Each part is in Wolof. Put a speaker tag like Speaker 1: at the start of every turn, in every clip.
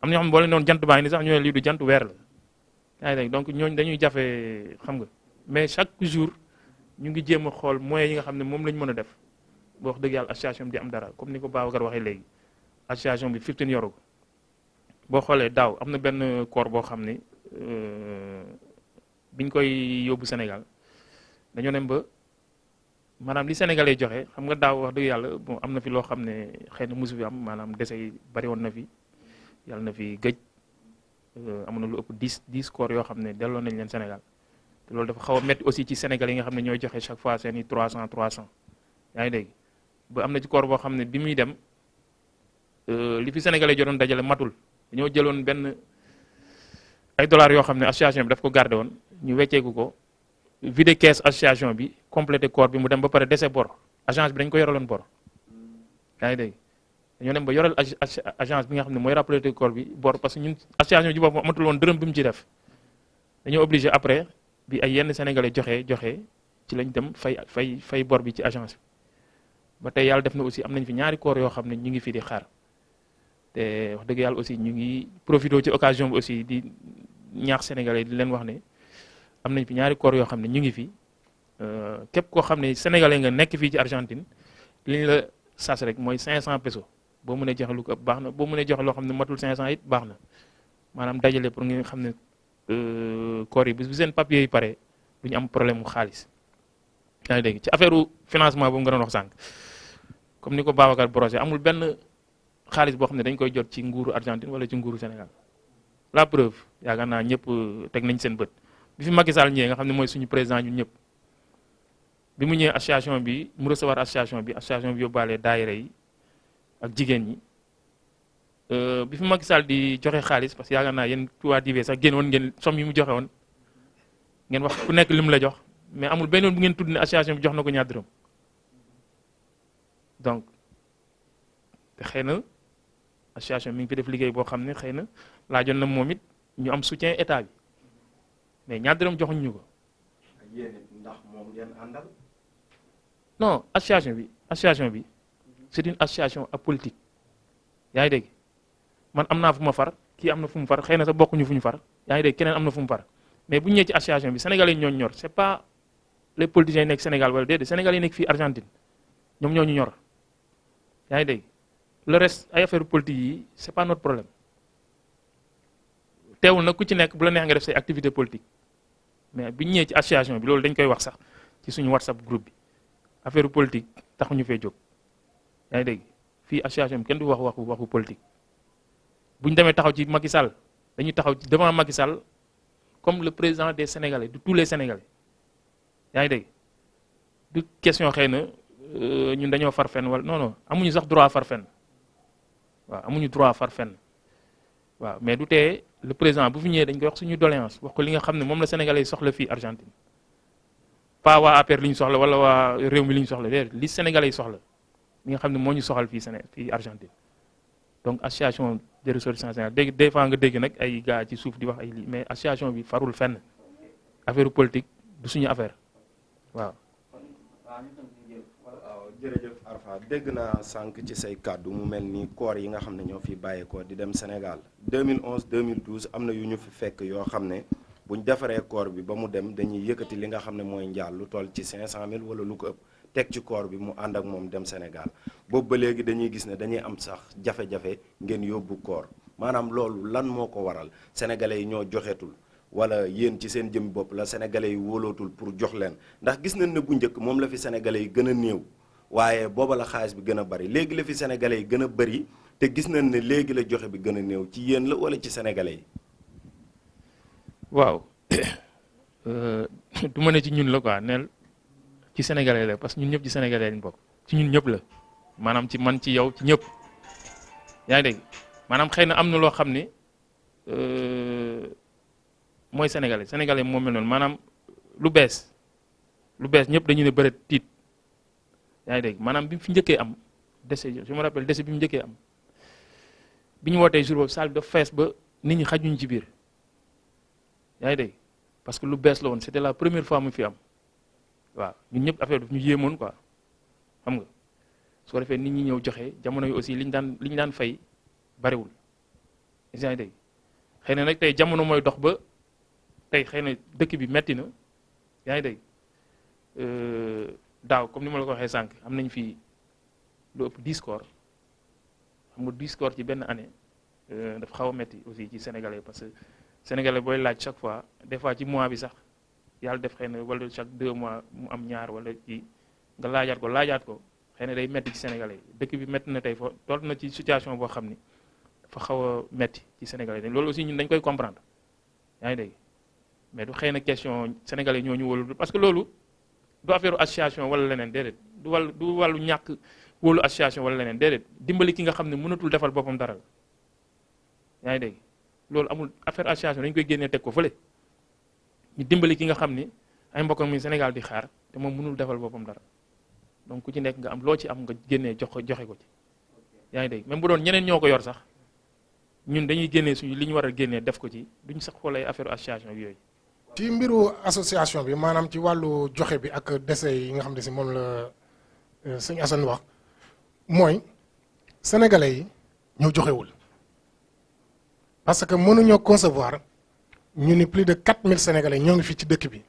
Speaker 1: am na ñoo xam ne boo leen jant baa ngi ni sax ñu ne lii du jant weer la yaa donc ñooñu dañuy jafe xam nga mais chaque jour ñu ngi jéem a xool moyens yi nga xam ne moom lañ mën a def boo wax yàlla association bi am dara comme ni ko Babacar waxee léegi association bi fifteen yoru xoolee daaw am na benn koor boo xam ne euh, biñ koy yóbbu Sénégal dañoo ne ba maanaam li sénégalais joxe xam nga daaw wax dëgg yàlla bon am na fi loo xam ne xëy na mosu fi am maanaam dese yi bari woon na fi yàlla na fi gëj euh, amoon na lu ëpp dix dix corps yoo xam ne delloo nañ leen Sénégal loolu dafa xaw a métti aussi ci Sénégal yi nga xam ne ñoo joxe chaque fois seeni i trois cent trois cent yaa ngi dégg ba am na ci corps boo xam ne bi muy dem euh, li fi sénégalais jodoon dajale matul dañoo jëloon benn ay dollars yoo xam ne association bi daf ko gardé woon ñu wecceeku ko vide caisse association bi complété corps bi mu dem ba pare dese bor agence bi dañ ko yoraloon bor ñoo dem ba yoreel agence bi nga xam ne mooy rappelé du corps bi bor parce que ñun association ji boobu amatul woon dërëm bi ci def dañoo obligé après bi ay yenn sénégalais joxe joxe ci lañ dem fay fay fay bor bi ci agence bi ba tey yàlla def na aussi am nañ fi ñaari corps yoo xam ne ñu ngi fi di xaar te wax dëgg yàlla aussi ñu ngi profité ci occasion bi aussi di ñaax sénégalais di leen wax ne am nañ fi ñaari corps yoo xam ne ñu ngi fi euh, képp koo xam ne sénégalais nga nekk fii ci Argentine li ñu la sas rek mooy 500 pesos. boo mënee joxe lu ko ëpp baax na boo mënee joxe loo xam ne matul 500 it baax na maanaam dajale pour nga xam ne euh, koor yi bu seen papier yi pare du am problème mu xaalis. yaa ngi ci affaire financement boobu nga a wax sànq comme ni ko Babacar Brosé amul benn xaalis boo xam ne dañ koy jot ci nguuru Argentine wala ci nguuru Sénégal la preuve yaakaar naa ñëpp euh, teg nañ seen bët bi fi Macky Sall ñëwee nga xam ne mooy suñu président ñun ñëpp. bi mu ñëwee association bi mu recevoir association bi association bi yóbbaale daayira yi ak jigéen ñi euh, bi fi Macky Sall di joxe xaalis parce que yaakaar naa yéen waa DIV sax génn woon ngeen somme yi mu joxe woon ngeen wax ku nekk lim la jox mais amul benn yoon bu ngeen tudd ne association bi jox na ko ñaar dërëm donc te xëy na association mi ngi fi def liggéey boo xam ne xëy na laajoon na moom it ñu am soutien état bi mais ñaar dërëm joxuñ ñu ko.
Speaker 2: ndax moom ngeen àndal.
Speaker 1: non association bi association bi. c'est une association apolitique yaa ngi dégg man am naa fu ma far kii am na fu mu far xëy na sa bokkuñu fu ñu far yaa ngi dégg keneen am na fu mu far mais bu ñu ñëwee ci association bi sénégalais ñoo ñor c'est pas les politiciens yi nekk Sénégal wala déedéet sénégalais yi nekk fii Argentine ñoom ñoo ñu ñor yaa ngi dégg le reste ay affaire politique yi c'est pas notre problème teewul nag ku ci nekk bu la neex nga def say activité politique mais bu ñu ci association bi loolu dañ koy wax sax ci suñu WhatsApp groupe bi affaire politique ñu fee jóg. yaa ngi dégg fii association bi kenn du wax waxu waxu politique bu ñu demee taxaw ci Macky Sall dañuy taxaw ci devant Macky Sall comme le président des Sénégalais de tous les Sénégalais yaa ngi dégg du question xëy na euh, ñun dañoo far fenn wala non amuñu sax droit far fen fenn waaw amuñu droit far fen waa mais du tee le président bu fi ñëwee dañ koy wax suñu doléance wax ko li nga xam ne moom la Sénégalais yi soxla fii Argentine pas waa APR li ñu soxla wala waa réew mi li soxla déedéet li Sénégalais yi soxla. mi nga xam ne moo ñu soxal fii Sénégal fii Argentine donc association des ressortissants sénégalais dégg des fois nga dégg nag ay gars ci suuf di wax ay lii mais association bi farul fenn affaire politique suñu affaire waaw.
Speaker 2: jërëjëf Arfa dégg naa sànq ci say kàddu mu mel ni koor yi nga xam ne ñoo fi bàyyeekoo di dem Sénégal deux deux 2011 2012 am na yu ñu fi fekk yoo xam ne buñ defaree koor bi ba mu dem dañuy yëkkati li nga xam ne mooy njaal lu toll ci cinq mille wala lu ko ëpp. teg ci koor bi mu ànd ak moom dem Sénégal boobu ba léegi dañuy gis ne dañuy am sax jafe-jafe ngeen yóbbu koor maanaam loolu lan moo ko waral sénégalais yi ñoo joxetul wala yéen ci seen jëm bopp la sénégalais yi wóolootul pour jox leen ndax gis nañ ne bu njëkk moom la fi sénégalais yi gën a néew waaye booba la xaalis bi gën a bari léegi la fi sénégalais yi gën a bari te gis nañ ne léegi la joxe bi gën a néew ci yéen la wala ci sénégalais yi.
Speaker 1: waaw euh, du ma ne ci ñun la ci sénégalais la parce que ñun ñëpp ci sénégalais lañ bokk ci la maanaam ci man ci yow ci ñëpp yaa ngi maanaam xëy na am na loo xam ne euh, mooy sénégale sénégalais moo mel noonu maanaam lu bees lu bees ñëpp dañu ne bëri tiit yaa ngi maanaam bi mu fi njëkkee am décès je me rappelle décès bi mu njëkkee am bi ñu wootee jour boobu salle bi fees ba nit ñi xajuñ ci biir yaa ngi dégg parce que lu bees la woon c'était la première fois mu fi am. waaw ñun ñëpp affaire daf ñu yéemoon quoi xam nga soo ko nit ñi ñëw joxe jamono yi aussi liñ daan liñ daan fay bariwul. yaa ngi xëy na nag tey jamono mooy dox ba tey xëy na dëkk bi metti na yaa ngi dégg euh, daaw comme ni ma la ko waxee sànq am nañ fi lu ëpp 10 corps xam nga 10 ci benn année euh, dafa xaw a metti aussi ci sénégalais parce que sénégalais booy laaj chaque fois des fois ci mois bi sax. yàlla def xëy na wala chaque deux mois mu am ñaar wala kii nga laajaat ko laajaat ko xëy na day métti ci Sénégalais yi dëkk bi métti na tey fo toll na ci situation boo xam ni dafa xaw a métti ci Sénégalais yi loolu aussi ñun dañ koy comprendre yaa ngi dégg mais du xëy na question Sénégalais ñoo ñu parce que loolu du affaire association wala leneen déedéet du wàllu du wàllu ñàkk wóolu association wala leneen déedéet dimbali ki nga xam ne mënatul defal boppam dara la yaa ngi dégg loolu amul affaire association dañ koy génnee teg ko fële. ñu dimbali ki nga xam ni ay mbokkam mi Sénégal di xaar te moom mënul defal boppam dara donc ku ci nekk nga am loo ci am nga génnee jox ko joxe ko ci yaa ngi dégg même bu doon ñeneen ñoo ko yor sax ñun dañuy génne suñu li ñu war a génnee def ko ci duñ sax xool ay affaire association bi yooyu.
Speaker 3: ci mbiru association bi maanaam ci wàllu joxe bi ak dese yi nga xam ne si moom la euh, sëñ Assane wax mooy sénégalais yi ñoo joxewul parce que mënuñoo concevoir. ñu ni plus de 4000 sénégalais ñoo ngi fi ci dëkk bi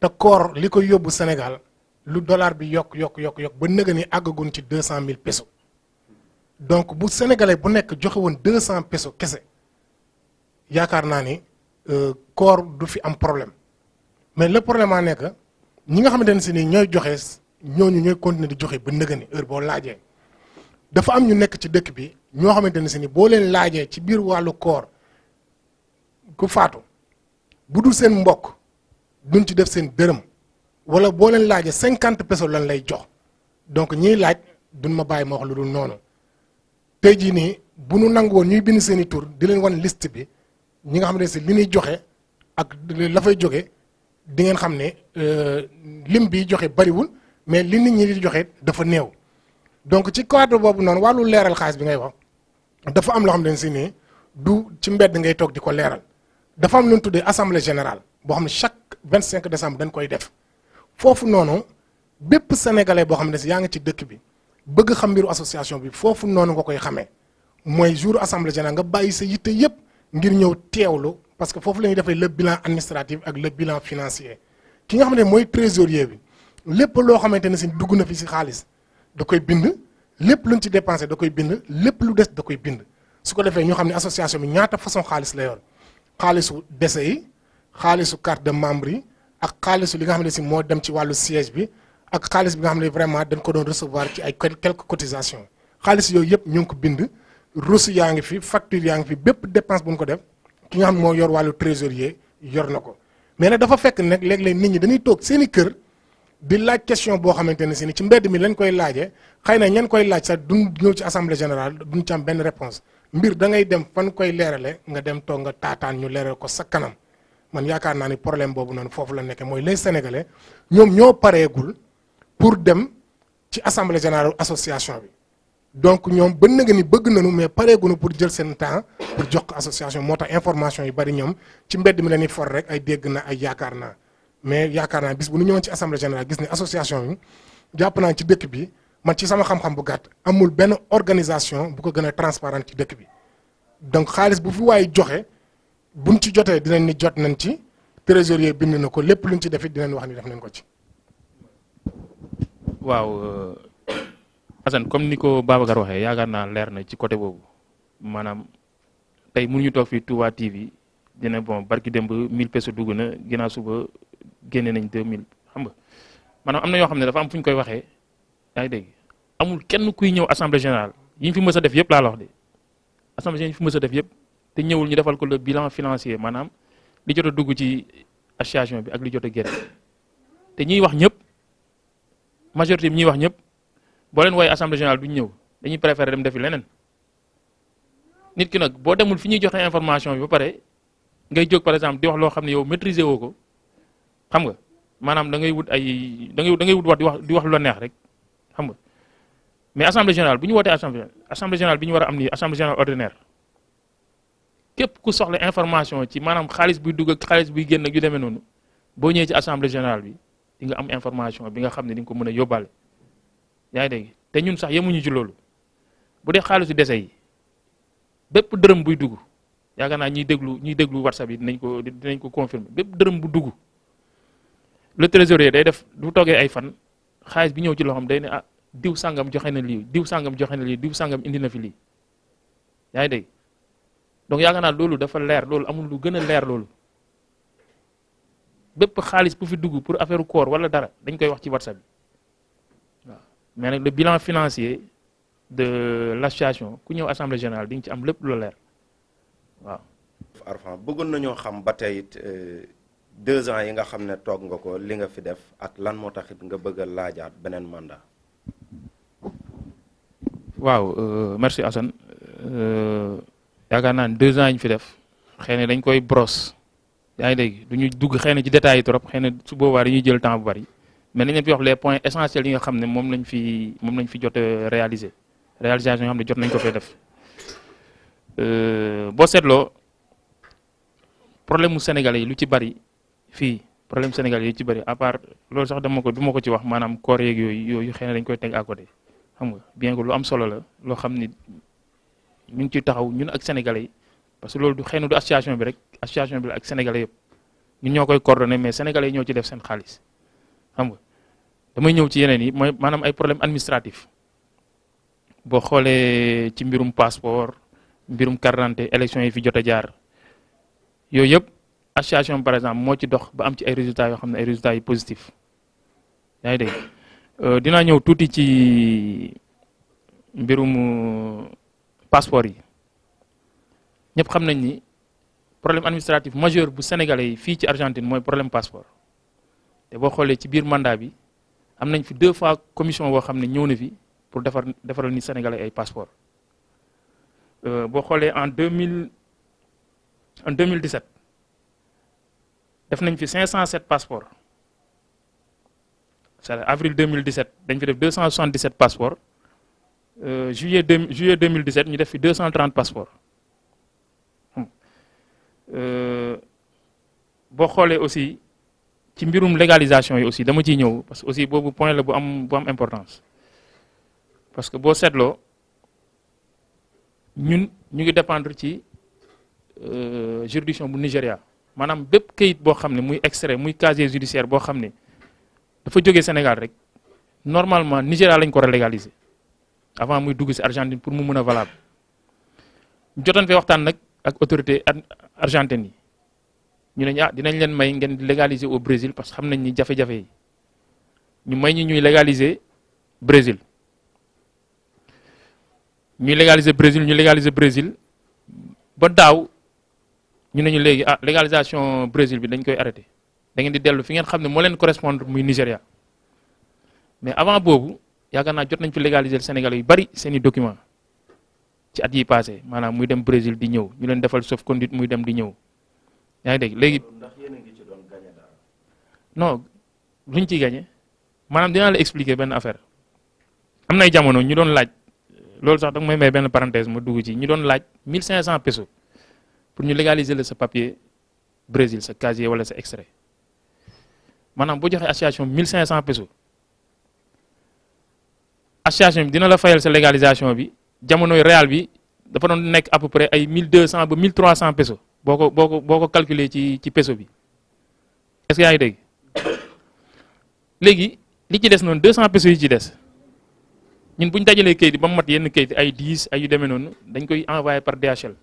Speaker 3: te koor li ko yóbbu Sénégal lu dollar bi yokk yokk yokk yokk ba nëga ni àggagun ci 200000 peso donc bu sénégalais bu nekk joxe woon 200 pesos kese yaakaar naa ni euh, koor du fi am problème mais le problème a nekk ñi nga xamante ne si nii ñooy joxe ñooñu ñooy continuer di joxe ba nëgëni heure boo laajee dafa am ñu nekk ci dëkk bi ñoo xamante ne si ni boo leen laajee ci biir wàllu koor ku faatu bu dul seen mbokk duñ ci def seen dërëm wala boo leen laajee cinquante pesos lan lay jox donc ñiy laaj duñ ma bàyyi ma wax lu dul noonu tey jii nii bu nu nangu woon ñuy bind seen di leen wan liste bi ñi nga xam ne si li ñuy joxe ak la fay jóge di ngeen xam ne euh, lim bi joxe bariwul mais li nit ñi di dafa néew donc ci cadre boobu noonu wàllu leeral xaalis bi ngay wax dafa am loo xam ne si nii du ci mbedd ngay toog di ko leeral dafa am lu ñu tuddee assemblée général boo xam ne chaque vingt cinq décembre dañ koy def foofu noonu bépp sénégalais boo xam ne si yaa ngi ci dëkk bi bëgg xam mbiru association bi foofu noonu nga koy xamee mooy jour assemblée générale nga bàyyi sa yitte yëpp ngir ñëw teewlu parce que foofu la ñuy defee le bilan administratif ak le bilan financier ki nga xam ne mooy trésorier bi lépp loo xamante ne si dugg na fi si xaalis da koy bind lépp luñ ci dépensé da koy bind lépp lu des da koy bind su ko defee ñu xam ne association bi ñaata façon xaalis la yor. xaalisu dese yi xaalisu carte de membre yi ak xaalisu li nga xam ne si moo dem ci wàllu siège bi ak xaalis bi nga xam ne vraiment dañ ko doon recevoir ci ay quelques cotisations xaalis yooyu yëpp ñu ngi ko bind reçu yaa ngi fi facture yaa ngi fi bépp dépense bu ñu ko def ki nga xam moo yor wàllu trésorier yor na ko mais ne dafa fekk nag léeg-léeg nit ñi dañuy toog seen i kër di laaj question boo xamante ne si ni ci mbedd mi lañ koy laajee xëy na ñan koy laaj sax ñëw ci assemblée générale duñ ci am benn réponse mbir da ngay dem fan koy leerale nga dem toog nga taataan ñu leeral ko sa kanam man yaakaar naa ni problème boobu noonu foofu la nekkee mooy les sénégalais ñoom ñoo pareegul pour dem ci assemblée générale association bi donc ñoom ba nga ni bëgg nañu mais pareegunu pour jël seen temps jox ko association moo tax information yi bari ñoom ci mbedd mi la ñuy for rek ay dégg na ay yaakaar naa mais yaakaar naa bis bu ñu ñëwoon ci assemblée générale gis ne association bi jàpp naa ci dëkk bi. man ci sama xam-xam bu gàtt amul benn organisation bu ko gën a ci dëkk bi donc xaalis bu fu waaye joxe buñ ci jotee dinañ ni jot nañ ci trésorier bind na ko lépp luñ ci defit dinañ wax ni def nañ ko ci.
Speaker 1: waaw euh, Assane comme ni ko Babacar waxee yaakaar naa leer na ci côté boobu maanaam tey ñu toog fii Touba TV dina bon barki dem ba 1000 pesos dugg na ginnaaw suba génne nañ 2000 xam nga maanaam am na yoo xam ne dafa am fu ñu koy waxee. yaa ngi dégg amul kenn kuy ñëw assemblée générale yi fi mës a def yëpp laa la wax de assemblée générale yi fi mës a def yëpp te ñëwul ñu defal ko le bilan financier maanaam li jot a dugg ci association bi ak li jot a te ñiy wax ñëpp majorité bi ñuy wax ñëpp boo leen woowee assemblée générale duñ ñëw dañuy préférer dem defi leneen nit ki nag boo demul fi ñuy joxe information bi ba pare ngay jóg par exemple di wax loo xam ne yow maîtriser woo ko xam nga maanaam da ngay ay da ngay da di wax di wax lu neex rek. xam nga mais assemblée générale bu ñu wootee assemblée assemblée générale bi ñu war am nii assemblée générale ordinaire képp ku soxla information ci maanaam xaalis buy dugg ak xaalis buy génn ak yu demee noonu boo ñëwee ci assemblée générale bi di nga am information bi nga xam ne di ko mën a yobale yaa ngi dégg te ñun sax yemuñu ci loolu bu dee xaalisu dese yi bépp dërëm buy dugg yaakaar naa ñi déglu ñuy déglu whatsapp yi dinañ ko dinañ ko confirmer bépp dërëm bu dugg le trésorier day def du toogee ay fan. xaalis bi ñëw ci loxoom day ne ah diw sàngam joxe na lii diw sàngam joxe na lii diw sàngam indi na fi lii yaa ngi dégg donc yaakaar naa loolu dafa leer loolu amul lu gën a leer loolu bépp xaalis bu fi dugg pour affaire koor wala dara dañ koy wax ci whatsapp bi waaw mais nag le bilan financier de l'association ku ñëw assemblée général di ci am lépp lu leer
Speaker 2: waaw. bëggoon nañoo xam ba tey euh, deux ans yi nga xam ne toog nga ko li nga fi def ak lan moo taxit nga bëgg a laajaat beneen mandat.
Speaker 1: waaw euh, merci assan euh, yaakaar naa ne deux ans yi ñu fi def xëy na dañ koy brosse yaa ngi dégg du ñu dugg xëy na ci détails yi trop xëy na su boobaa dañuy jël temps bu bari mais nañ leen fi wax les point essentiels yi nga xam ne moom lañ fi moom lañ fi jot réaliser réalisation yoo xam ne jot nañ ko fee def euh, boo seetloo problème mu Sénégalais yi lu ci bari. fii problème Sénégal yi ci bëri à part loolu sax dama ko du ma ko ci wax maanaam koor yeeg yooyu yooyu xëy na dañ koy teg a côté xam nga bien que lu am solo la loo xam ni ñu ngi ciy taxaw ñun ak sénégalais parce que loolu du xëy na du association bi rek association bi la ak sénégalais yëpp ñun ñoo koy coordonné mais sénégalais yi ñoo ci def xaalis xam nga damay ñëw ci yeneen yi mooy maanaam ay problème boo xoolee ci mbirum passeport mbirum carte d'identité yi fi jot a jaar yooyu yëpp. association par exemple moo ci dox ba am ci ay résultats yoo xam ne ay résultats yu positif yaa ngi dégg euh, dinaa ñëw tuuti ci mbirum passeport yi ñëpp xam nañ ni problème administratif majeur bu sénégalais yi fii ci Argentine mooy problème passeport te boo xoolee ci biir mandat bi am nañ fi deux fois commission boo xam ne ñëw na fi pour defar defaral ni sénégalais ay passeport euh, boo xoolee en mille en deux mille dix def nañ fi 507 passeports c'est-à-dire avril 2017 dañ fi def 277 passeports euh, juillet deux juillet 2017 ñu def fi 230 passeports hmm. euh, boo xoolee aussi ci mbirum légalisation yi aussi dama ciy ñëw parce que aussi boobu point la bu am bu am importance parce que boo seetloo ñun ñu ngi dépendre ci euh, juridiction bu Nigéria. maanaam bépp kayit boo xam ne muy extrait muy casier judiciaire boo xam ne dafa jógee Sénégal rek normalement Nigéria lañ ko war a légaliser avant muy dugg si Argentine pour mu mën a valable jotoon fee waxtaan nag ak autorité argentine yi ñu ne ñu ah dinañ leen may ngeen di légaliser au Brésil parce que xam nañ ni jafe-jafe yi ñu may ñu ñuy légaliser Brésil ñuy légaliser Brésil ñu légaliser Brésil daaw ñu ne ñu léegi ah légalisation Brésil bi dañ koy arrêté dangeen di dellu fi ngeen xam ne moo leen correspondre muy Nigéria mais avant boobu yaakaar naa jot nañ fi légaliser Sénégal yu bari seen i documents ci at yi passé maanaam muy dem Brésil di ñëw ñu leen defal sauf-conduit muy dem di ñëw yaa ngi dégg léegi.
Speaker 2: ndax yéen a ngi ci doon gagné daal.
Speaker 1: non luñ ciy gagné maanaam dinaa benn affaire am nay jamono ñu doon laaj loolu sax da may may benn parenthèse mu dugg ci ñu doon laaj 1500 pesos. pour ñu légaliser la sa papier Brésil sa casier wala sa extrait maanaam boo joxee association 1500 pesos association bi dina la fayal sa légalisation bi jamonoy réal bi dafa doon nekk à peu près ay 1200 ba 1300 pesos boo ko boo ko boo ko calculer ci ci peso bi est-ce que yaa ngi dégg léegi li ci des noonu 200 pesos yi ci des. ñun bu ñu dajalee kayit ba mu mat yenn kayit ay 10 ay yu demee noonu dañ koy envoyé par DHL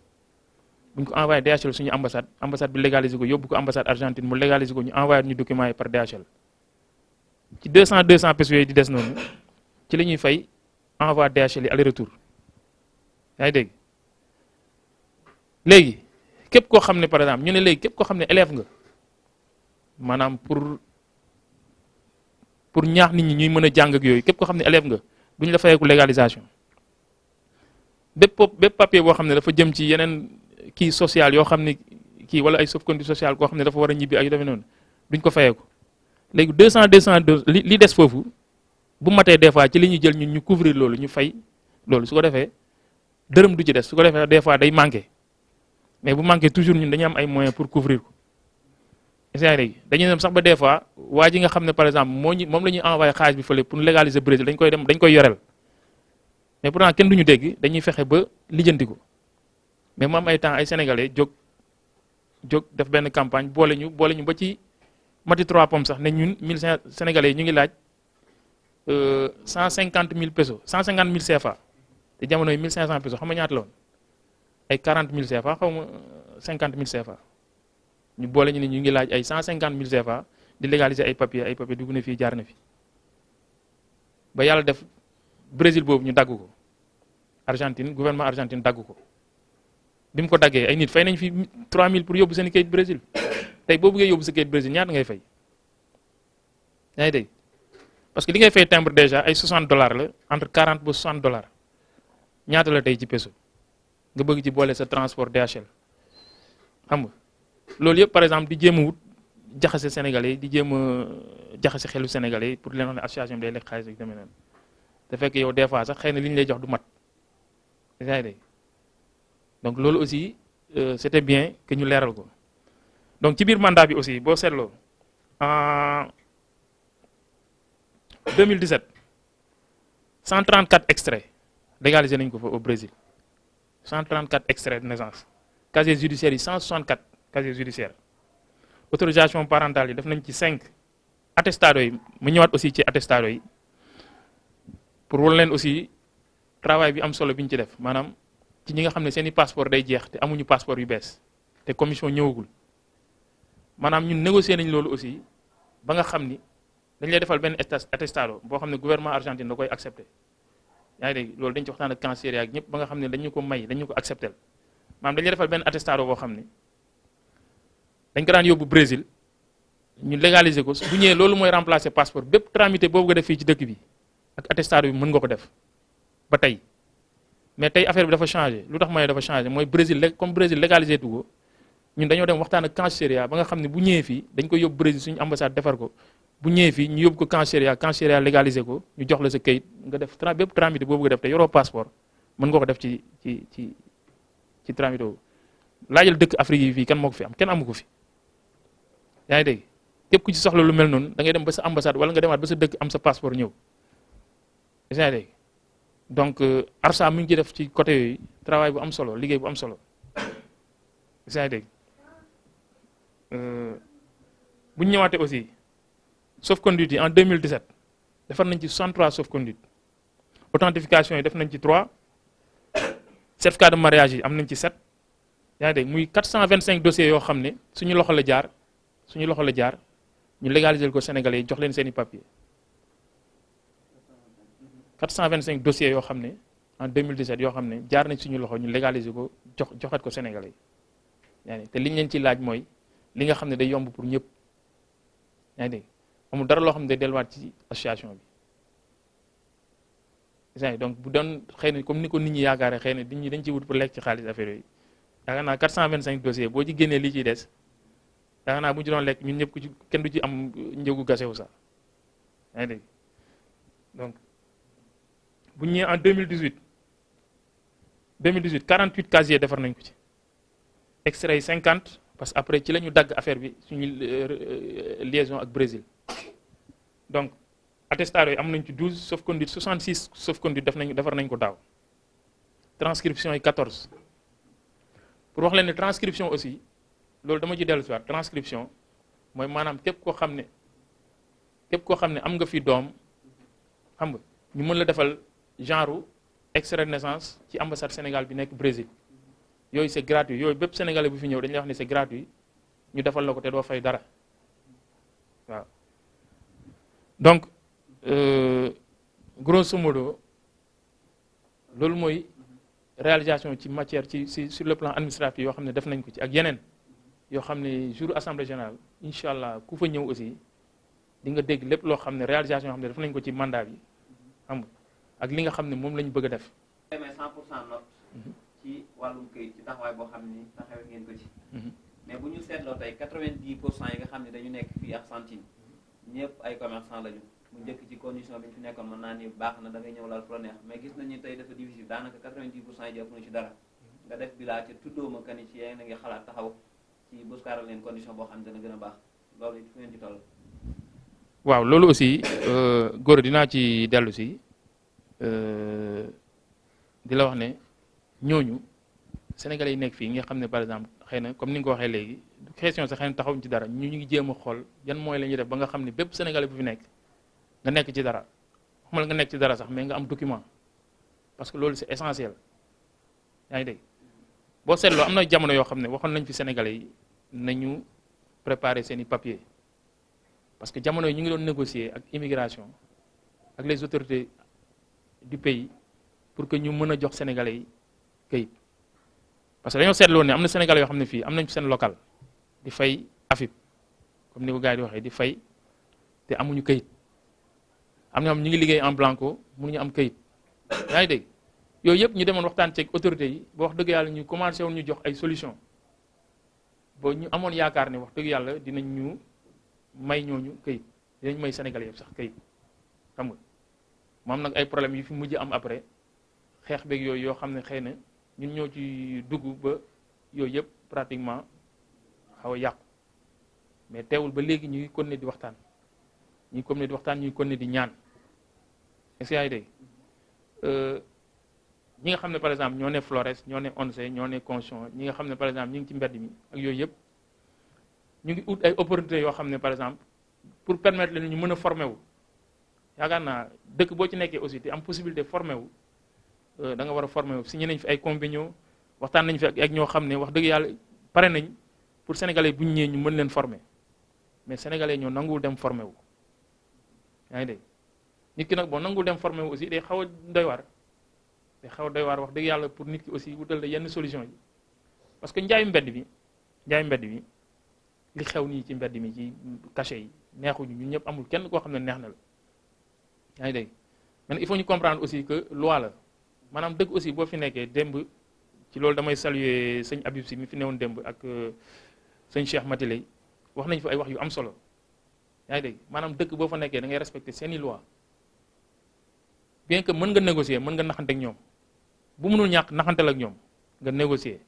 Speaker 1: bu ñu ko envoyé DHL suñu ambassade ambassade bi légalisé ko ko ambassade Argentine mu légalisé ko ñu envoyé ñu ci 200 200 pesos yooyu di des noonu ci la ñuy fay envoi DHL yi aller yaa ngi dégg léegi képp koo xam ne par exemple ñu ne léegi képp ko xam ne élève nga maanaam pour pour ñaax nit ñi ñuy mën a jàng ak yooyu képp koo xam ne élève nga duñ la fayeeku légalisation bépp bépp papier boo xam ne dafa jëm ci yeneen. kii social yoo xam ne kii wala ay sauf-conduit social koo xam ne dafa war a ñibbi ak yu demee noonu duñ ko fayeeku léegi deux cent deux cent deux li li ci li ñuy jël ñun ñu couvrir loolu ñu fay loolu su ko defee dërëm du ci des su ko defee des fois day manqué mais bu manqué toujours ñun dañu am ay moyens pour couvrir ko est léegi dañuy dem ba des fois waa ji nga xam ne par exemple moo ñu moom la ñuy envoyé xaalis bi fële pour légaliser dañ koy dem dañ koy yoreel mais pourtant kenn du ñu dégg dañuy fexe ba lijjanti ko mais mu am ay temps ay sénégalais jóg jóg def benn campagne boole ñu boole ñu ba ci mati trois pommes sax ne ñun mille cinq sénégalais ñu ngi laaj euh, cent cinquante mille pesos cent cinquante mille CFA te jamono yi mille cinq cent pesos xam nga ñaata la woon ay quarante mille CFA xaw ma cinquante mille CFA ñu boole ñu ne ñu ngi laaj ay cent cinquante mille CFA di légaliser ay papier ay papier dugg na fii jaar na fi ba yàlla def Brésil boobu ñu dagg ko Argentine gouvernement Argentine dagg ko. bi mu ko daggee ay nit fay nañ fi 3000 pour yóbbu seen kayit Brésil tey boo bëggee yóbbu sa kayit Brésil ñaata ngay fay yaa ngi dégg parce que li ngay fay timbre déjà ay 60 dollars la entre 40 ba 60 dollars ñaata la tey ci peso nga bëgg ci boole sa transport DHL xam loolu yëpp par exemple di jéem a wut jaxase yi di jéem a jaxase xelu Sénégalais pour leen wax ne association bi day lekk xaalis ak demee noonu fekk yow des fois sax xëy na li ñu lay jox du mat donc loolu aussi euh, c'était bien que ñu leeral ko donc ci biir mandat bi aussi boo seetloo en 2017 134 extraits légalisé nañu ko fa au Brésil 134 extraits de naissance casier judiciaire yi 164 casier judiciaire autorisation parentale yi def nañ ci cinq attestado yi mu ñëwaat aussi ci attestado yi pour wala leen aussi travail bi am solo bi ñu ci def maanaam. ci ñi nga xam ne seen i passeport day jeex te amuñu passeport yu bees te commission ñëwagul maanaam ñun négocier nañ loolu aussi ba nga xam ni dañ lay defal benn attestado boo xam ne gouvernement argentine da koy accepté yaa loolu dañ ci waxtaan ak cancer ak ñëpp ba nga xam ne dañu ko may dañu ko accepté maanaam dañ defal benn attestado boo xam ne dañ ko daan yóbbu Brésil ñu légaliser ko bu ñee loolu mooy remplacer passeport bépp tramité boobu nga def fii ci dëkk bi ak attestado bi mën nga ko def ba tey mais tey affaire bi dafa changé lu tax ma ne dafa changé mooy Brésil comme Brésil légalisé tu ko ñun dañoo dem waxtaan ak Cancheria ba nga xam ne bu ñëwee fii dañ koy yóbbu Brésil suñu ambassade defar ko bu ñëwee fii ñu yóbbu ko Cancheria Cancheria légalisé ko ñu jox la sa kayit nga def tra bépp tramité boobu nga def te yoroo passeport mën nga ko def ci ci ci ci tramité laajal dëkk Afrique yi fii kan moo ko fi am kenn amu ko fi yaa ngi dégg képp ku ci soxla lu mel noonu da ngay dem ba sa ambassade wala nga demaat ba sa dëkk am sa passeport ñëw donc euh, ARSA mi ngi ci def ci côté yooyu travail bu am solo liggéey bu am solo saa ngi dégg euh, buñ ñu aussi sauf-conduit yi en 2017 defar nañ ci 63 sauf-conduit authentification yi def nañ ci 3 certificat de mariage yi am nañ ci 7 yaa ngi dégg muy 425 dossiers yoo xam ne suñu loxo la jaar suñu loxo la jaar ñu légaliser ko sénégal yi jox leen seen i papier cinq dossiers yoo xam ne en 2017 yoo xam ne jaar nañ suñu loxo ñu légaliser ko jox joxat ko Sénégalais yi te liñ leen ci laaj mooy li nga xam ne day yomb pour ñëpp yaa ngi amul dara loo xam ne day delluwaat ci association bi. donc bu doon xëy na comme ni ko nit ñi yaakaaree xëy na nit ñi dañ ci wut pour lekk ci xaalis affaire yooyu yaakaar naa 425 dossiers boo ci génnee lii ciy des yaakaar naa bu ñu ci doon lekk ñun ñëpp ku ci kenn du ci am njëgu gasewu sax yaa bu ñu ñëwee en 2018 2018 48 casiers defar nañ ko ci extrait yi cinquante parce que après ci la ñu dagg affaire bi suñu euh, euh, liaison ak Brésil donc attestat yi am nañ ci douze sauf-conduits 66 sauf-conduits def nañ defar nañ ko daaw transcription yi 14 pour wax leen ne transcription aussi loolu dama ci dellu si waat transcription mooy maanaam képp koo xam ne képp koo xam ne am nga fi doom xam nga ñu mën la defal. genre extrait de ci ambassade Sénégal bi nekk Brésil yooyu c'est gratuit yooyu bépp sénégalais bu fi ñëw dañu lay wax ne c'est gratuit ñu defal la ko te doo fay dara waaw donc euh, grosso loolu mooy réalisation ci matière ci ci sur le plan administratif yoo xam ne def nañ ko ci ak yeneen yoo xam ne jour assemblée générale incha allah ku fa ñëw aussi di nga dégg lépp loo xam ne réalisation yoo xam ne def nañ ko ci mandat bi xam ak li nga xam ne moom la ñu bëgg a def.
Speaker 2: demee 100 pour cent mhm. ci wàllum këyit ci taxawaay boo xam ni taxawee ngeen ko ci. Mhm. mais bu ñu seetloo tey 90 pour cent yi nga xam ne dañu nekk fii Argentine ñëpp ay commerçant lañu. mu njëkk ci condition bi ñu fi nekkoon mën naa ni baax na da ngay ñëw laal fu la neex mais gis nañu tey dafa difficile daanaka yi jàpp na ci dara nga def bilaa ci tuddoo ma kani ci yéen a ngi xalaat taxaw ci buskaaral leen condition boo xam ne dana gën a baax loolu it fu ngeen
Speaker 1: waaw loolu aussi euh, góor dinaa ci dellu si Euh, di la wax ne ñooñu sénégalais yi nekk fii nga xam ne par exemple xëy na comme ni nga ko waxee léegi question sax xëy na taxawuñ ci dara ñu ñu ngi jéem a xool yan mooy la ñuy def ba nga xam ne bépp sénégalais bu fi nekk nga nekk ci dara xamal nga nekk ci dara sax mais nga am document parce que loolu si essentiel yaa ngi dégg boo seetloo am na jamono yoo xam ne waxoon nañ fi sénégalais yi nañu préparer seen i papier parce que jamono yi ñu ngi doon négocier ak immigration ak les du pays pour que ñu mën a jox sénégalais yi kayit parce que dañoo seetloo ne am na sénégal yoo xam ne fii am nañ seen local di fay afib comme ni ko gars yi di waxee di fay te amuñu kayit am na xam ñu ngi liggéey en blanco mënuñu am kayit yaa ngi dégg yooyu yëpp ñu demoon waxtaan ceeg autorité yi boo wax dëgg yàlla ñu commencé woon ñu jox ay solution boo ñu amoon yaakaar ne wax dëgg yàlla dinañ ñu may ñooñu kayit dinañ may sénégal yëpp sax kayit moom nag ay problème yu fi mujj am après xeex beeg yooyu yoo xam ne xëy na ñun ñoo ci dugg ba yooyu yëpp pratiquement xaw a yàqu mais teewul ba léegi ñu ngi kon continuer di waxtaan ñu ngi continuer di waxtaan ñu ngi continuer di ñaan est-ce que yaa euh, ñi nga xam ne par exemple ñoo ne Flores ñoo ne ONCE ñoo ne Conscience ñi nga xam ne par exemple ñu ngi ci mbedd mi ak yooyu yëpp ñu ngi ut ay opportunités yoo xam ne par exemple pour permettre leen ñu mën a former wu yaakaar naa dëkk boo ci nekkee aussi di am possibilité formé wu euh, da nga war a formé wu signé nañ fi ay convention waxtaan nañ fi ak ñoo xam ne wax dëgg yàlla pare nañ pour sénégalais bu ñu ñu mën leen former mais sénégalais ñoo nanguwul dem formé wu yaa ngi dégg nit ki nag boo nanguwul dem formé wu aussi day xaw a doy waar day xaw a doy waar wax dëgg yàlla pour nit ki aussi wutal la yenn solution yi parce que njaayu mbedd bi njaayu mbedd bi li xew nii ci mbedd mi ci cachet yi neexuñu ñun ñëpp amul kenn koo xam ne neex na la yaa ngi dégg mais il faut ñu comprendre aussi que loi la maanaam dëkk aussi boo fi nekkee démb ci loolu damay saluer sëñ Abib si mi fi woon démb ak euh, sëñ Cheikh Matiley wax nañ fa ay wax yu am solo yaa ngi dégg maanaam dëkk boo fa nekkee da ngay respecter seeni loi bien que mën nga négocier mën nga naxante ak ñoom bu munul ñàkk naxantel ak ñoom nga négocier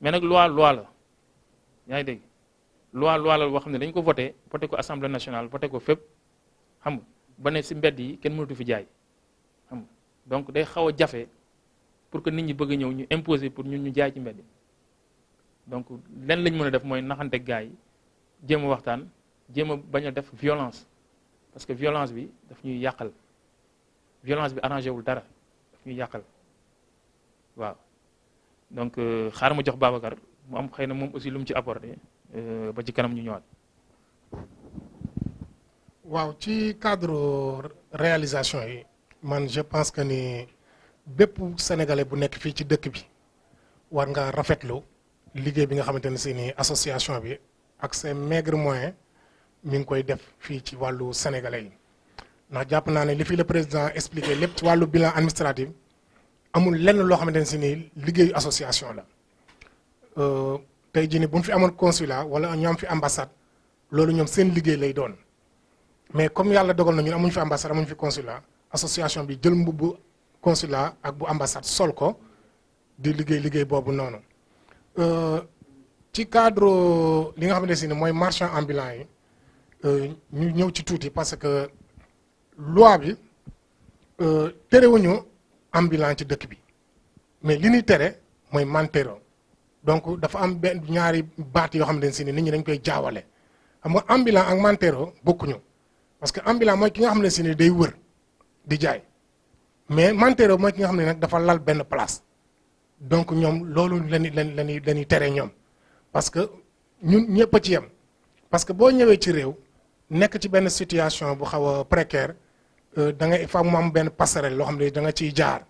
Speaker 1: mais nag loi loi la yaa ngi dégg loi loi la boo xam ne dañ ko voté voté ko assemblée national voté ko fépp ba ne si mbedd yi kenn mënatu fi jaay xam donc day xaw a jafe pour que nit ñi bëgg a ñëw ñu imposer pour ñun ñu jaay ci mbedd donc lenn lañ mën a def mooy naxante gaa yi jéem a waxtaan jéem a bañ a def violence parce que violence bi daf ñuy yàqal violence bi arrangé wul dara daf ñuy yàqal waaw donc euh, xaar ma jox Babacar mu am xëy na moom aussi lu mu ci apporté euh, ba ci kanam ñu ñëwaat.
Speaker 3: waaw ci cadre réalisation yi man je pense que ni bépp sénégalais bu nekk fii ci dëkk bi war nga rafetlu liggéey bi nga xamante ne si ni association bi ak ses maigres moyens mi ngi koy def fii ci wàllu sénégalais yi ndax jàpp naa ne li fi le président expliqué lépp ci wàllu bilan administratif amul lenn loo xamante ne si ni liggéeyu association la euh, tey jii ni bu ñu fi amoon consulat wala ñoom fi ambassade loolu ñoom seen liggéey lay doon mais comme yàlla dogal nañu ñun amuñu fi ambassade amuñu fi consulat association bi jël mbubbu consulat ak bu ambassade sol ko di liggéey liggéey boobu noonu euh, ci cadre li nga xam si ne mooy marchand ambulant yi euh, ñu ñëw ci tuuti parce que loi bi euh, terewuñu ambulant ci dëkk bi mais li ñuy tere mooy mantero donc dafa am benn ñaari baat yoo xam ne si nit ñi dañ koy jaawale xam nga ambulant ak mantero bokkuñu. parce que ambulant mooy ki nga xam ne si ne day wër di jaay mais mantero mooy ki nga xam ne nag dafa lal benn place donc ñoom loolu la ñuy la ñuy la ñuy tere ñoom parce que ñun ñëpp a ci yem parce que boo ñëwee ci réew nekk ci benn situation bu xaw a précaire euh, da ngay fa mu am benn passerelle loo xam ne da nga ciy jaar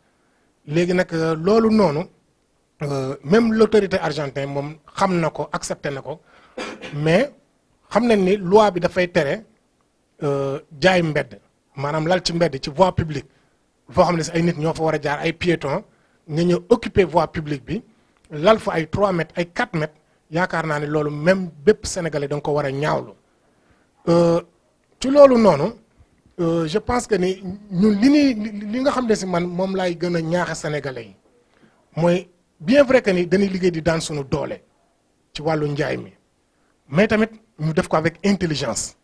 Speaker 3: léegi nag euh, loolu noonu euh, même l'autorité argentine moom xam na ko accepté na ko mais xam nañ ni loi bi dafay tere. jaay mbedd maanaam lal ci mbedd ci voix publique foo xam ne si ay nit ñoo fa war a jaar ay piétons nga ñëw occuper voie publique bi lal fa ay 3 mètres ay 4 mètres yaakaar naa ne loolu même bépp sénégalais da nga ko war a ñaawlu euh, ci loolu noonu euh, je pense que ni ñun li ñuy li nga xam ne si man moom laay gën a ñaaxe sénégalais yi mooy bien vrai que nii dañuy liggéey di daan suñu doole ci wàllu njaay mi mais tamit ñu def ko avec intelligence.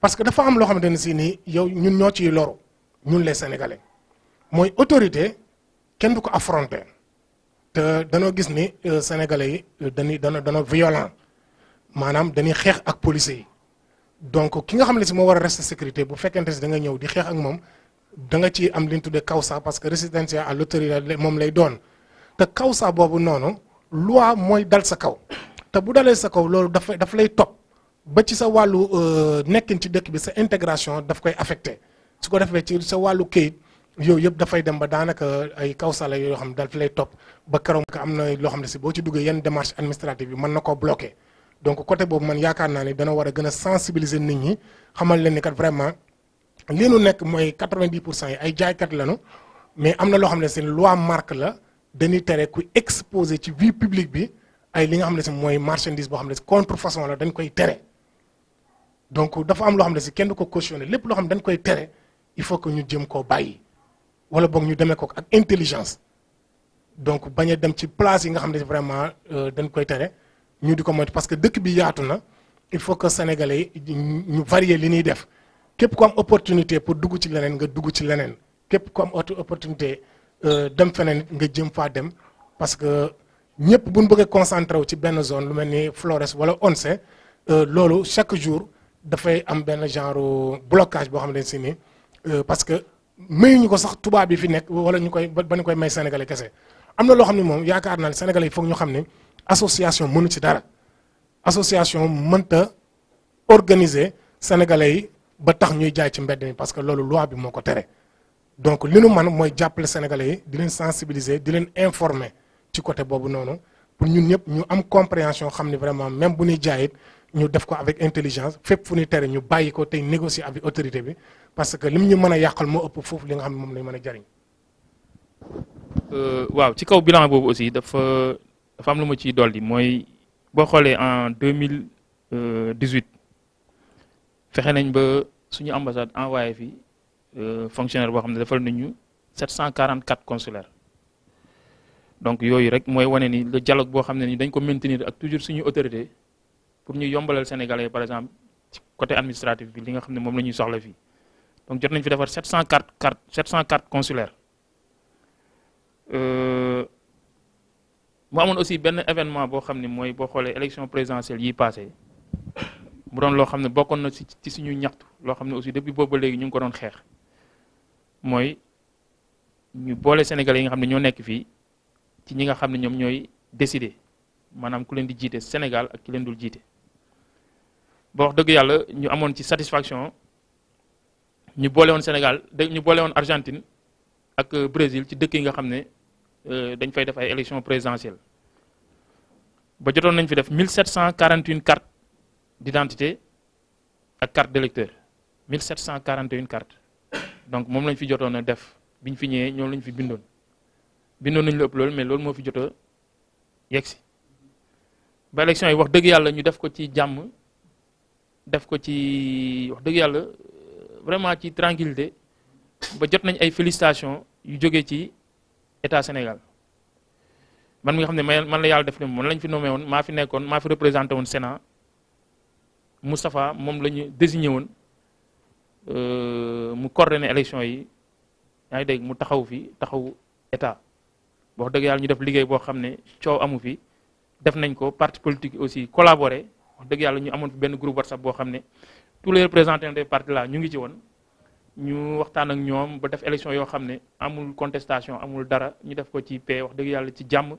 Speaker 3: parce que dafa am loo xamante ne si nii yow ñun ñoo ciy loru ñun les sénégalais mooy autorité kenn du ko affronter te danoo gis ni euh, sénégalais yi dañuy euh, danoo dana violent maanaam dañuy xeex ak policiers yi donc ki nga xam ne si moo war a rester sécurité bu fekkente si da nga ñëw di xeex ak moom danga ci am li ñu tuddee causa parce que résistance à l'autorité moom lay doon te causa boobu noonu loi mooy dal sa kaw te bu dalee sa kaw loolu dafa daf lay topp. ba ci sa wàllu euh, nekkin ci dëkk bi sa intégration daf koy affecté su ko defee ci sa wàllu kayit yow yëpp dafay dem ba daanaka ay kawsala yoo xam daf lay topp ba keroog am na loo xam ne si boo ci duggee yenn démarche administrative yi mën na koo bloqué donc côté boobu man yaakaar naa ni dana war a gën a sensibiliser nit ñi xamal leen ni kat vraiment li nu nekk mooy 90 pour cent yi ay jaaykat lañu mais am na xam ne seen loi marque la dañuy tere exposé ci vie publique bi ay li nga xam ne si mooy marchandise boo xam ne contrefaçon la dañ koy tere. donc dafa am loo xam ne si kenn ko cautionné lépp loo xam ne dañ koy tere il faut que ñu jëm koo bàyyi wala boog ñu demee ko ak intelligence donc bañ dem ci place yi nga xam ne vraiment euh, dañ koy tere ñu di ko moytu parce que dëkk bi yaatu na il faut que sénégalais yi ñu varier li ñuy def képp ku am opportunité pour dugg ci leneen nga dugg ci leneen képp ku am opportunité euh, dem feneen nga jëm faa dem parce que ñëpp bu ñu bëggee concentré wu ci benn zone lu mel ni Flores wala Once euh, loolu chaque jour. dafay am benn genre blocage boo xam ne si ni euh, parce que mayuñu ko sax tubaab bi fi nekk wala ñu koy ba ñu koy may sénégalais kese am na loo xam ne moom yaakaar naa ne sénégalais yi foog xam ne association mënu ci dara association mënta organiser sénégalais yi ba tax ñuy jaay ci mbedd mi parce que loolu loi bi moo ko tere donc li nu man mooy jàppale sénégalais yi di leen sensibiliser di leen informer ci côté boobu noonu pour ñun ñëpp ñu am compréhension xam ne vraiment même bu ñuy jaayit ñu def ko avec intelligence fépp fu ñuy tere ñu bàyyi ko tey négocier avec autorité bi parce que mu ñu mën a yàqal moo ëpp foofu li nga xam ne moom a jariñ
Speaker 1: euh, waaw ci kaw bilan boobu aussi dafa dafa am lu ma ciy dolli mooy boo xoolee en deux mille dix huit fexe nañ ba suñu ambassade envoyé fi euh, fonctionnaire boo xam ne defal nañu sept cent quarante quatre consulaires donc yooyu rek mooy wane ni lu dialogue boo xam ne ni dañ ko maintenir ak toujours suñu autorité pour ñu yombalal sénégalais par exemple ci côté administratif bi li nga xam ne moom la ñuy soxla fii donc jot nañ fi defar 700 cartes cartes 700 cartes consulaires euh, mu amoon aussi benn événement boo xam ne mooy boo xoolee élection présidentielle yi passé mu doon loo xam ne bokkoon na ci ci suñu ñaxtu loo xam ne aussi depuis boobu ba léegi ñu ngi ko doon xeex mooy ñu boole sénégalais yi nga xam ne ñoo nekk fii ci ñi nga xam ne ñoom ñooy décider maanaam ku leen di jiite Sénégal ak ki leen dul jiite. ba wax dëgg yàlla ñu amoon ci satisfaction ñu boole woon Sénégal ñu boole woon Argentine ak euh, Brésil ci dëkk yi nga xam ne euh, dañ fay def ay élections présidentielles ba jotoon nañ fi def 1741 cartes d'identité ak carte d'électeur 1741 cartes donc moom lañ fi jotoon a def biñ fi ñëwee ñoom lañ fi bindoon bindoon nañ lu ëpp loolu mais loolu moo fi jot a si ba élection yi wax dëgg yàlla ñu def ko ci jàmm. def ko ci wax dëgg yàlla vraiment ci tranquillité ba jot nañ ay félicitations yu jógee ci état Sénégal man mi nga xam ne man la yàlla def ne man lañ fi nommé woon maa fi nekkoon maa fi représenté woon Sénat Moustapha moom la ñu désigné woon euh, mu coordonné élection yi yaa ngi dégg mu taxaw fi taxaw état wax dëgg yàlla ñu def liggéey boo xam ne coow amu fi def nañ ko parti politique aussi collaboré wax dëgg yàlla ñu amoon benn groupe whatsapp boo xam ne tous les représentants des partis la ñu ngi ci woon ñu waxtaan ak ñoom ba def élection yoo xam ne amul contestation amul dara ñu def ko ci paix wax dëgg yàlla ci jàmm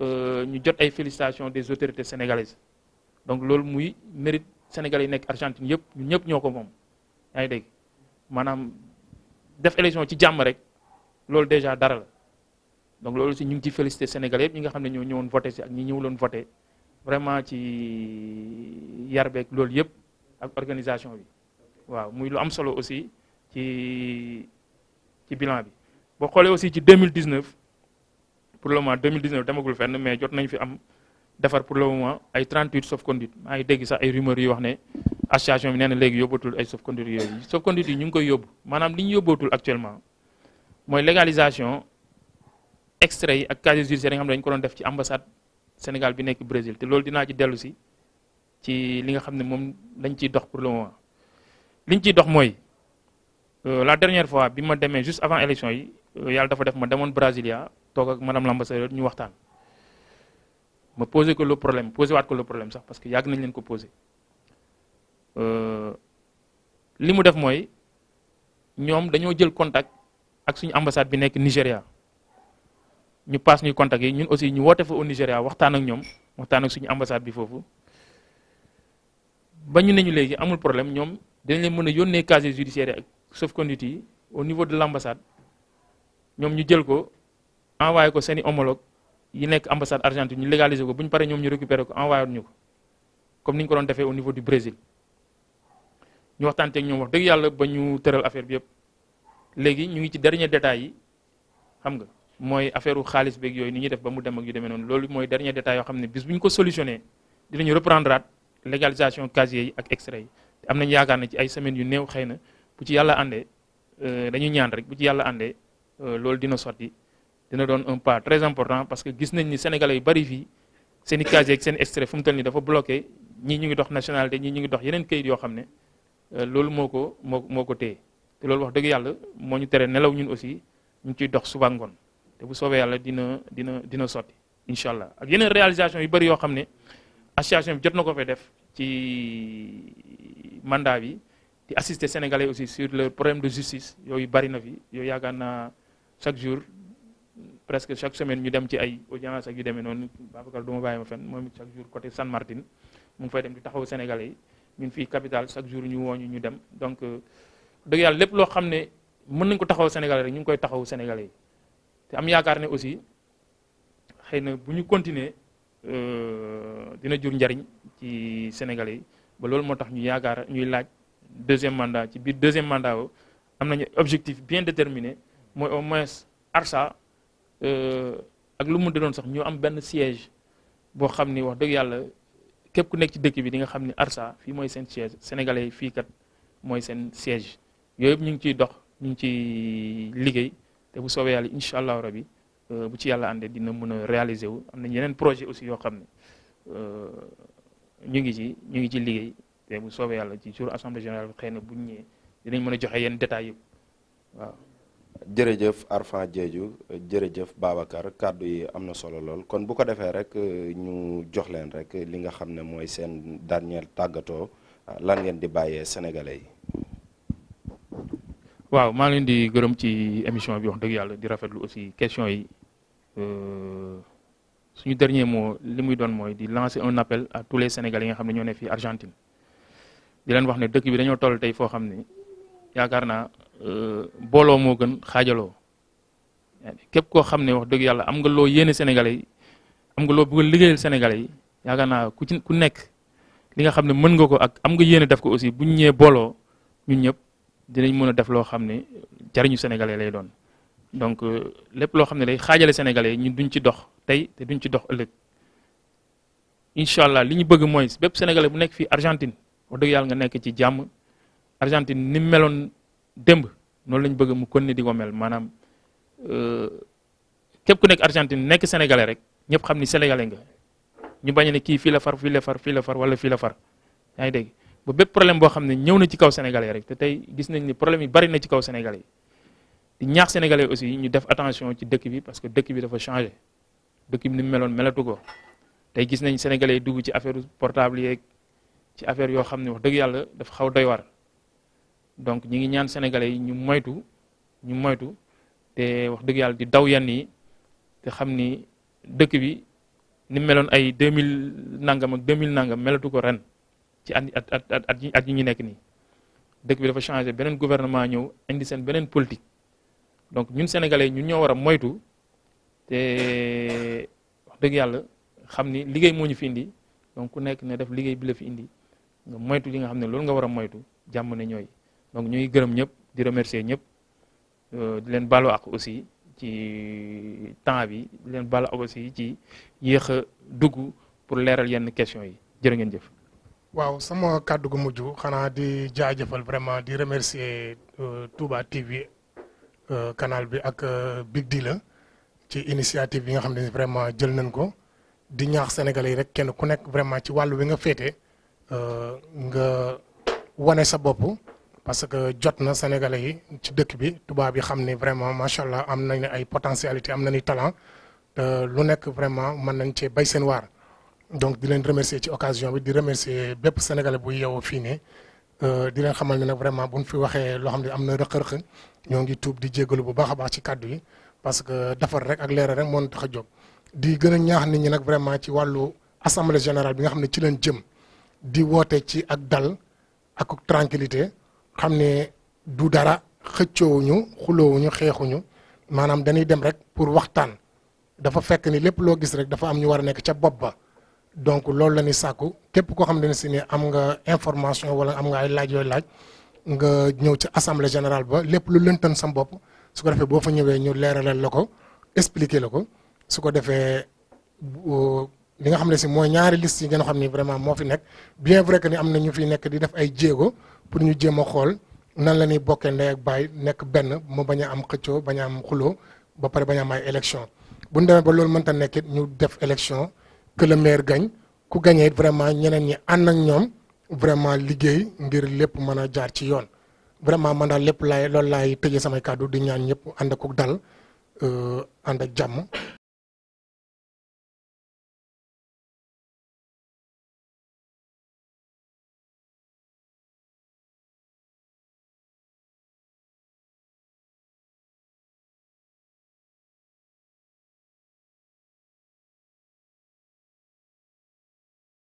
Speaker 1: euh, ñu jot ay félicitations des autorités sénégalaises donc loolu muy mérite sénégalais yi nekk Argentine yëpp ñëpp ñoo ko moom yaa ngi dégg maanaam def élection ci jàmm rek loolu déjà dara la donc loolu si ñu ngi ci félicité sénégalais yëpp ñi nga xam ne ñoo ñëwoon voté si ak ñi ñëwuloon voté vraiment ci yar beeg loolu yëpp ak organisation bi waaw muy lu am solo aussi ci ci bilan bi boo xoolee aussi ci mille 2019 pour le moment 2019 demagul fenn mais jot nañ fi am defar pour le moment ay 38 sauf-conduits maa ngi dégg sax ay rumeurs yi wax ne association bi nee na léegi yóbbatul ay sauf-conduits yi ñu ngi koy yóbbu maanaam li ñu yóbbootul actuellement mooy légalisation extrait yi ak casier judiciaire yi xam ne dañu ko doon def ci ambassade Sénégal bi nekk Brésil te loolu dinaa ci dellu si ci li nga xam ne moom lañ ciy dox pour le moment liñ ciy dox mooy euh, la dernière fois bi ma demee juste avant élection yi euh, yàlla dafa def ma demoon Brasilia toog ak madame l'ambassadeur ñu waxtaan ma posé ko le problème posé waat ko le problème sax parce que yàgg nañ leen ko posé euh, li mu def mooy ñoom dañoo jël contact ak suñu ambassade bi nekk Nigéria ñu paas ñuy contact yi ñun aussi ñu woote fa au Nigéria waxtaan ñoom waxtaan suñu ambassade bi foofu ba ñu ne ñu léegi amul problème ñoom dinañ leen mën a yónnee casier judiciaire ak sauf-conduit yi au niveau de l' ambassade ñoom ñu jël ko envoyé ko seen i homologue yi nekk ambassade Argentine ñu légaliser ko bu ñu paree ñoom ñu récupérer ko envoyé ñu ko comme ni ñu ko doon defee au niveau du Brésil ñu waxtaante ak wax dëgg yàlla ba ñu tëral affaire bi yëpp léegi ñu ngi ci dernier détail yi xam nga. mooy affaire u xaalis beeg yooyu ni ñuy def ba mu dem ak yu demee noonu loolu mooy dernier détail yoo xam ne bis bu ñu ko solutionné dinañu reprendre at légalisation casier yi ak extrait yi am nañu yaakaar ne ci ay semaines yu new xëy na bu ci yàlla àndee euh, dañuy ñaan rek bu ci yàlla àndee euh, loolu dina soti dina doon un pas très important parce que gis nañ ni sénégalais yu bari fii seen i casier seen extrait fu te toll nii dafa bloqué ñii ñu ngi dox nationalité ñii ñu ngi dox yeneen kayit yoo xam ne euh, loolu moo ko moo moo ko téye loolu wax dëgg yàlla moo ñu tere nelaw ñun aussi ñu ciy dox suba te bu soobee yàlla dina dina dina sotti incha allah ak yeneen réalisation yu bëri yoo xam ne association bi jot na ko fee def ci mandat bi di assister sénégalais aussi sur le problème de justice yooyu bëri na fi yooyu yaakaar naa chaque jour presque chaque semaine ñu dem ci ay audience ak yu demee noonu Babacar du ma bàyyi ma moom it chaque jour côté San Martin mu ngi fay dem di taxaw sénégalais yi ñun fii capital chaque jour ñu wooñu ñu dem donc euh, dëgg yàlla lépp loo xam ne mën nañ ko taxaw sénégalais rek ñu ngi koy taxaw sénégalais yi te am yaakaar ne aussi xëy na bu ñu continuer euh, dina jur njariñ ci Sénégalais yi ba loolu moo tax ñu yaakaar ñuy laaj deuxième mandat ci biir deuxième mandat o am nañu objectif bien déterminé mooy au moins Arsa euh, ak lu mu doon sax ñu am benn siège boo xam ni wax dëgg yàlla képp ku nekk ci dëkk bi di nga xam ni Arsa fii mooy seen siège sénégalais fii kat mooy seen siège yooyu ñu ngi ciy dox ñu ngi ciy liggéey te bu soobee yàlla incha allah rabi euh, bu ci yàlla àndee dina mën a réaliser wu am nañ yeneen projet aussi yoo xam ne euh, ñu ngi ci ñu ngi ci liggéey te bu soobee yàlla ci jour assemblée générale bi xëy na bu ñu dinañ mën a joxe yenn détails yëpp waaw.
Speaker 2: jërëjëf Arfan jeeju jërëjëf Babacar kàddu yi am na solo lool kon bu ko defee rek euh, ñu jox leen rek li nga xam ne mooy seen dernier tàggatoo lan ngeen di bàyyee sénégalais yi.
Speaker 1: waaw maa ngi leen di gërëm ci émission bi wax dëgg yàlla di rafetlu aussi question yi euh, suñu dernier moo li muy doon mooy di lancer un appel à tous les sénégalais yi nga xam ne ñoo ne fii Argentine di leen wax ne dëkk bi dañoo toll tey foo xam ne yaakaar naa euh, booloo moo gën xaajaloo képp koo xam ne wax dëgg yàlla am nga loo yéene sénégalais am nga loo bëgg a liggéeyal sénégalais yi yaakaar naa ku ci ku nekk li nga xam ne mën nga ko ak am nga yéene def ko aussi buñ ñëwee booloo ñun ñëpp. dinañ mën a def loo xam ne jariñu sénégalais lay doon donc euh, lépp loo xam ne lay xaajale sénégalais ñun duñ ci dox tey te duñ ci dox ëllëg incha allah li ñu bëgg mooy bépp sénégalais bu nekk fii Argentine wax yàlla nga nekk ci jàmm Argentine ni meloon démb noonu lañ bëgg mu kon ne di ko mel maanaam euh, képp ku nekk Argentine nekk sénégalais rek ñëpp xam ni sénégalais nga ñu bañ ne kii fii la far fii la far la far wala fii la far yaa ngi dégg ba bépp problème boo xam ne ñëw na ci kaw sénégalais rek te tey gis nañ ni problème yi bari na ci kaw sénégalais yi di ñaax sénégalais aussi ñu def attention ci dëkk bi parce que dëkk bi dafa changé dëkk bi ni mu meloon melatu ko tey gis nañ sénégalais yi dugg ci affaire portable yeeg ci affaire yoo xam ne wax dëgg yàlla dafa xaw doy war donc ñi ngi ñaan sénégalais yi ñu moytu ñu moytu te wax dëgg yàlla di daw yan yi te xam ni dëkk bi ni meloon ay 2000 nangam ak 2000 nangam melatu ko ren. ci at at at at at yi ñu nekk nii dëkk bi dafa changé beneen gouvernement ñëw indi seen beneen politique donc ñun sénégalais ñun ñoo war a moytu te wax dëgg yàlla xam ni liggéey moo ñu fi indi donc ku nekk ne def liggéey bi la fi indi nga moytu li nga xam ne loolu nga war a moytu jàmm ne ñooy donc ñuy gërëm ñëpp di remercier ñëpp euh, di leen baalu ak aussi ci temps bi leen baalu ak aussi ci yéex a dugg pour leeral yenn questions
Speaker 3: yi jërë ngeen jëf. waaw sama kàddu gu mujj xanaa di jaajëfal vraiment di remercier euh, Touba TV euh, canal bi ak euh, Big Deal ci initiative bi nga xam ne vraiment jël nañ ko di ñaax sénégalais yi rek kenn ku nekk vraiment ci wàllu wi nga féete nga wane sa bopp parce que jot na sénégalais yi ci dëkk bi tubaab bi xam ne vraiment macha allah am nañ ay potentialité am na nañu talent lu nekk vraiment mën nañ cee bay seen waar. donc di leen remercier ci occasion bi di remercier bépp sénégalais bu yeewoo fii ne euh, di leen xamal ne nag vraiment bu ñu fi waxee loo xam ne am na rëq-rëq ñoo ngi tuub di jégalu bu baax a baax ci kàddu yi parce que defar rek ak leeral rek moo tax a jóg. di gën a ñaax nit ñi nag vraiment ci wàllu assemblée général bi nga xam ne ci leen jëm di woote ci ak dal ak tranquillité xam ne du dara xëccoowuñu xuloowuñu xeexuñu maanaam dañuy dem rek pour waxtaan dafa fekk ni lépp loo gis dafa am ñu war a nekk ca bopp ba. donc loolu la ñuy sàkku képp koo xam ne si ni am nga information wala am nga ay laaj yooyu laaj nga ñëw ci assemblée générale ba lépp lu lëntan sam bopp su ko defee boo fa ñëwee ñu leeralal la ko expliquer la ko su ko defee li nga xam ne si mooy ñaari liste yi ngeen xam ni vraiment moo fi nekk bien vrai que ni am na ñu fi nekk di def ay jéego pour ñu jéem a xool nan la ñuy bokkee ndey ak baay nekk benn mu bañ a am xëccoo bañ a am xuloo ba pare bañ a am ay élection bu ñu demee ba loolu mënta nekkit ñu def élection que le maire gagne ku vraiment ñeneen ñi ànd ak ñoom vraiment liggéey ngir lépp mën a jaar ci yoon vraiment man daal lépp laay loolu laay tëjee samay kàddu di ñaan ñëpp ànd ak dal euh,
Speaker 2: ànd ak jàmm